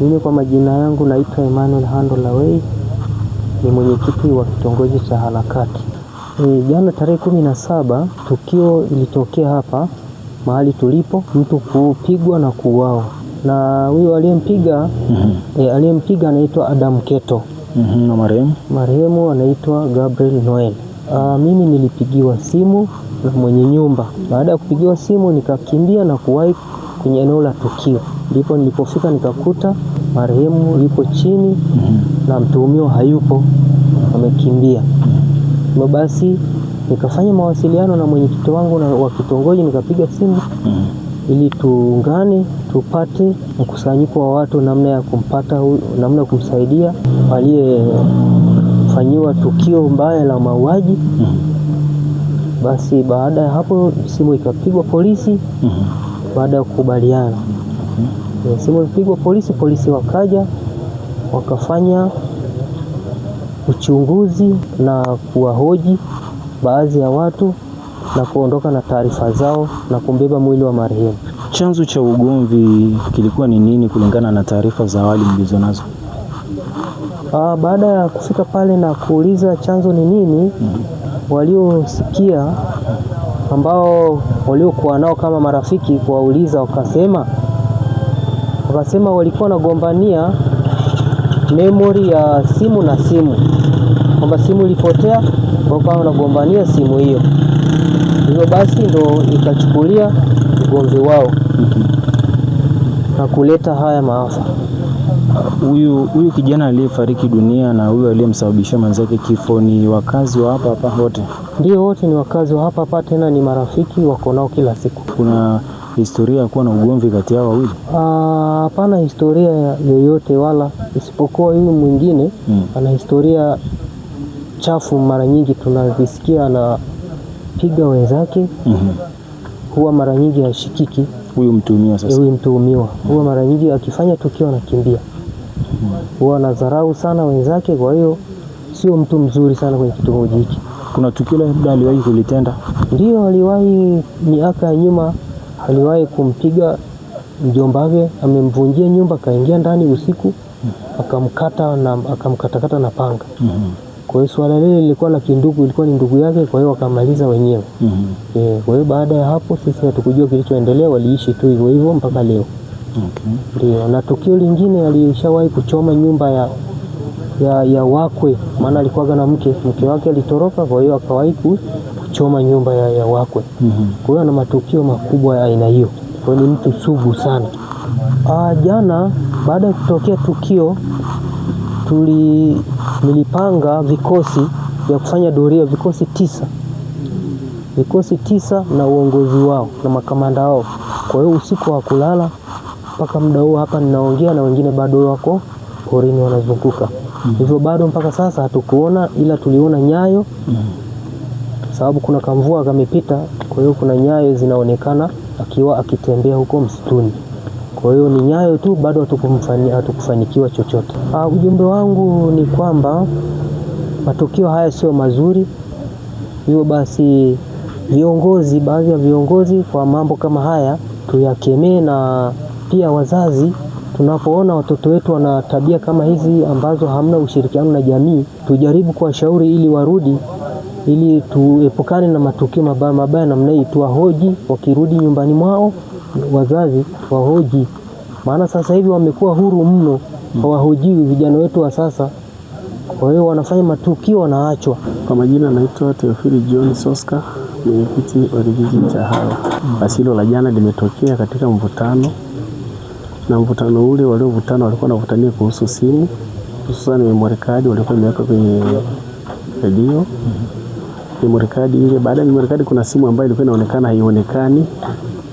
Mimi kwa majina yangu naitwa Emmanuel hando Lawei, ni mwenyekiti wa kitongoji cha Harakati. E, jana tarehe kumi na saba tukio ilitokea hapa mahali tulipo, mtu kupigwa na kuuawa, na huyo aliyempiga mm -hmm. e, aliyempiga anaitwa Adam Keto mm -hmm. na marehemu marehemu anaitwa Gabriel Noel. Aa, ah, mimi nilipigiwa simu na mwenye nyumba. Baada ya kupigiwa simu, nikakimbia na kuwahi kwenye eneo la tukio ndipo nilipofika nikakuta marehemu yupo chini mm -hmm. na mtuhumiwa hayupo, amekimbia. Mhm. Hivyo basi nikafanya mawasiliano na mwenyekiti wangu na wa kitongoji, nikapiga simu mm -hmm. ili tuungane tupate mkusanyiko wa watu, namna ya kumpata, namna ya kumsaidia aliyefanyiwa tukio mbaya la mauaji mm -hmm. Basi baada ya hapo simu ikapigwa polisi mm -hmm. baada ya kukubaliana simu ilipigwa polisi, polisi wakaja wakafanya uchunguzi na kuwahoji baadhi ya watu na kuondoka na taarifa zao na kumbeba mwili wa marehemu. Chanzo cha ugomvi kilikuwa ni nini kulingana na taarifa za awali mlizonazo? Ah, baada ya kufika pale na kuuliza chanzo ni nini, mm. waliosikia ambao waliokuwa nao kama marafiki kuwauliza, wakasema wakasema walikuwa wanagombania memory ya simu na simu, kwamba simu ilipotea, wakawa wanagombania simu hiyo. Hivyo basi ndo ikachukulia ugomvi wao na kuleta haya maafa. Huyu huyu kijana aliyefariki dunia na huyu aliyemsababishia mwenzake kifo ni wakazi wa hapa hapa wote? Ndio, wote ni wakazi wa hapa hapa, tena ni marafiki wako nao kila siku. kuna historia ya kuwa na ugomvi kati yao wawili? Ah, hapana historia yoyote wala, isipokuwa huyu mwingine mm. ana historia chafu, mara nyingi tunavisikia anapiga wenzake mm -hmm. huwa mara nyingi ashikiki huyu mtuhumiwa sasa, huyu mtuhumiwa huwa mara nyingi akifanya tukio anakimbia, hmm. huwa anadharau sana wenzake. Kwa hiyo sio mtu mzuri sana kwenye kitongoji hiki. Kuna tukio labda aliwahi kulitenda? Ndio, aliwahi miaka ya nyuma aliwahi kumpiga mjombake amemvunjia nyumba, akaingia ndani usiku akamkata na akamkatakata na panga. mm -hmm. Kwa hiyo swala lile lilikuwa la kindugu, ilikuwa ni ndugu yake, kwa hiyo wakamaliza wenyewe. mm -hmm. E, kwa hiyo baada ya hapo sisi hatukujua kilichoendelea, waliishi tu hivyo hivyo mpaka leo. Okay. Ndio, na tukio lingine alishawahi kuchoma nyumba ya ya, ya wakwe, maana alikuwaga na mke mke wake alitoroka, kwa hiyo akawahi kuchoma nyumba ya, ya wakwe mm -hmm. Kwa hiyo na matukio makubwa ya aina hiyo, kwa hiyo ni mtu sugu sana. Aa, ah, jana baada ya kutokea tukio tuli nilipanga vikosi vya kufanya doria, vikosi tisa, vikosi tisa na uongozi wao na makamanda wao. Kwa hiyo usiku wa kulala mpaka muda huu hapa ninaongea na wengine bado wako porini wanazunguka mhm. hivyo, mm -hmm. bado mpaka sasa hatukuona, ila tuliona nyayo mm -hmm sababu kuna kamvua kamepita, kwa hiyo kuna nyayo zinaonekana akiwa akitembea huko msituni. Kwa hiyo ni nyayo tu, bado hatukufanikiwa chochote. Ah, ujumbe wangu ni kwamba matukio haya sio mazuri, hivyo basi viongozi, baadhi ya viongozi kwa mambo kama haya tuyakemee, na pia wazazi tunapoona watoto wetu wana tabia kama hizi ambazo hamna ushirikiano na jamii, tujaribu kuwashauri ili warudi ili tuepukane na matukio mabaya mabaya namna hii, tuwahoji wakirudi nyumbani mwao, wazazi wahoji. Maana sasa hivi wamekuwa huru mno, hawahojiwi vijana wetu wa sasa. Kwa hiyo wanafanya matukio, wanaachwa. Kwa majina, naitwa Teofili John Soska, mwenyekiti wa kijiji cha Hawa. Asilo la jana limetokea katika mvutano, na mvutano ule waliovutana walikuwa wanavutania kuhusu simu, hususani memorikadi walikuwa imeweka kwenye redio nimerekodi ile. Baada ya nimerekodi, kuna simu ambayo ilikuwa inaonekana haionekani,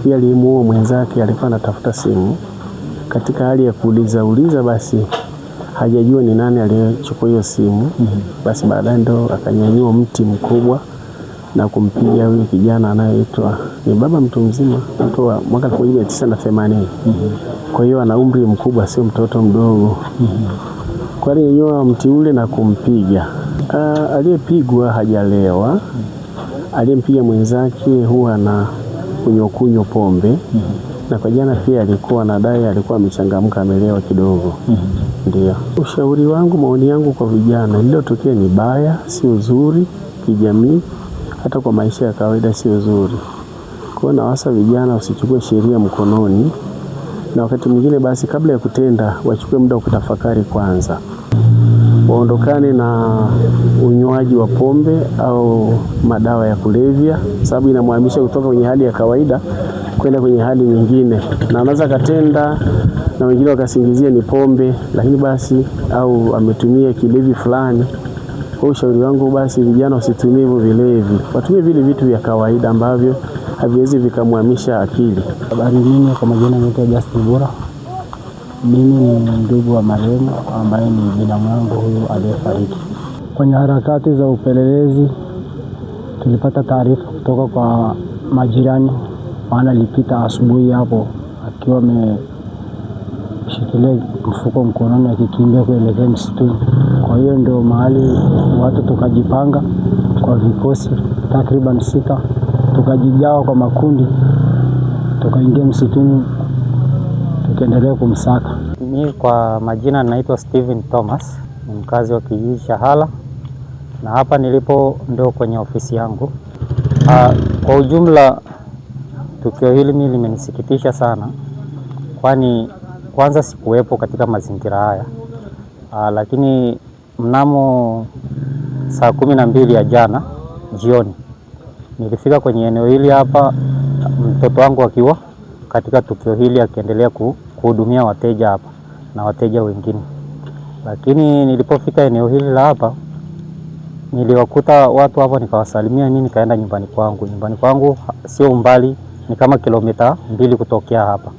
pia alimuua mwenzake, alikuwa anatafuta simu. Katika hali ya kuuliza uliza, basi hajajua ni nani aliyechukua hiyo simu. Basi baadaye ndo akanyanyua mti mkubwa na kumpiga huyo kijana anayeitwa ni baba mtu mzima, mtu wa mwaka 1980. Kwa hiyo ana umri mkubwa, sio mtoto mdogo. Kwa hiyo mti ule na kumpiga Uh, aliyepigwa hajalewa. Aliyempiga mwenzake huwa na kunyokunywa pombe mm -hmm. na kwa jana pia alikuwa nadai alikuwa amechangamka amelewa kidogo mm -hmm. Ndio ushauri wangu, maoni yangu kwa vijana, lililotokea ni baya, sio zuri kijamii, hata kwa maisha ya kawaida sio zuri. Kwa hiyo nawasa vijana usichukue sheria mkononi, na wakati mwingine basi, kabla ya kutenda, wachukue muda wa kutafakari kwanza waondokane na unywaji wa pombe au madawa ya kulevya, sababu inamhamisha kutoka kwenye hali ya kawaida kwenda kwenye hali nyingine, na anaweza akatenda na wengine wakasingizia ni pombe, lakini basi au ametumia kilevi fulani. Kwa ushauri wangu basi, vijana wasitumie hivyo vilevi, watumie vile vitu vya kawaida ambavyo haviwezi vikamhamisha akili. Habari, mimi kwa majina naitwa Justin Bora mimi ni ndugu wa marehemu ambaye ni binamu yangu huyu aliyefariki. Kwenye harakati za upelelezi, tulipata taarifa kutoka kwa majirani, maana alipita asubuhi hapo akiwa ameshikilia mfuko mkononi akikimbia kuelekea msituni. Kwa hiyo ndio mahali watu tukajipanga kwa vikosi takriban sita, tukajigawa kwa makundi, tukaingia msituni tukiendelea kumsaka. Mi kwa majina naitwa Steven Thomas, ni mkazi wa kijiji cha Hala na hapa nilipo ndo kwenye ofisi yangu. Aa, ah, kwa ujumla tukio hili mimi limenisikitisha sana, kwani kwanza sikuwepo katika mazingira haya Aa, ah, lakini mnamo saa kumi na mbili ya jana jioni nilifika kwenye eneo hili hapa, mtoto wangu akiwa katika tukio hili akiendelea ku kuhudumia wateja hapa na wateja wengine, lakini nilipofika eneo hili la hapa niliwakuta watu hapo, nikawasalimia nini, nikaenda nyumbani kwangu. Nyumbani kwangu sio umbali, ni kama kilomita mbili kutokea hapa.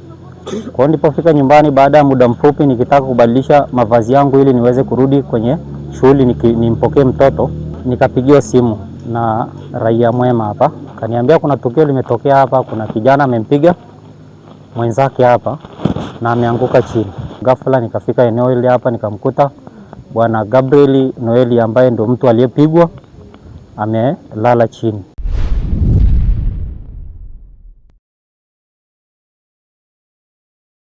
Kwa hiyo nilipofika nyumbani, baada ya muda mfupi, nikitaka kubadilisha mavazi yangu ili niweze kurudi kwenye shughuli nimpokee mtoto, nikapigiwa simu na raia mwema hapa, kaniambia kuna tukio limetokea hapa, kuna kijana amempiga mwenzake hapa na ameanguka chini. Ghafla nikafika eneo hili hapa, nikamkuta Bwana Gabriel Noeli ambaye ndo mtu aliyepigwa amelala chini.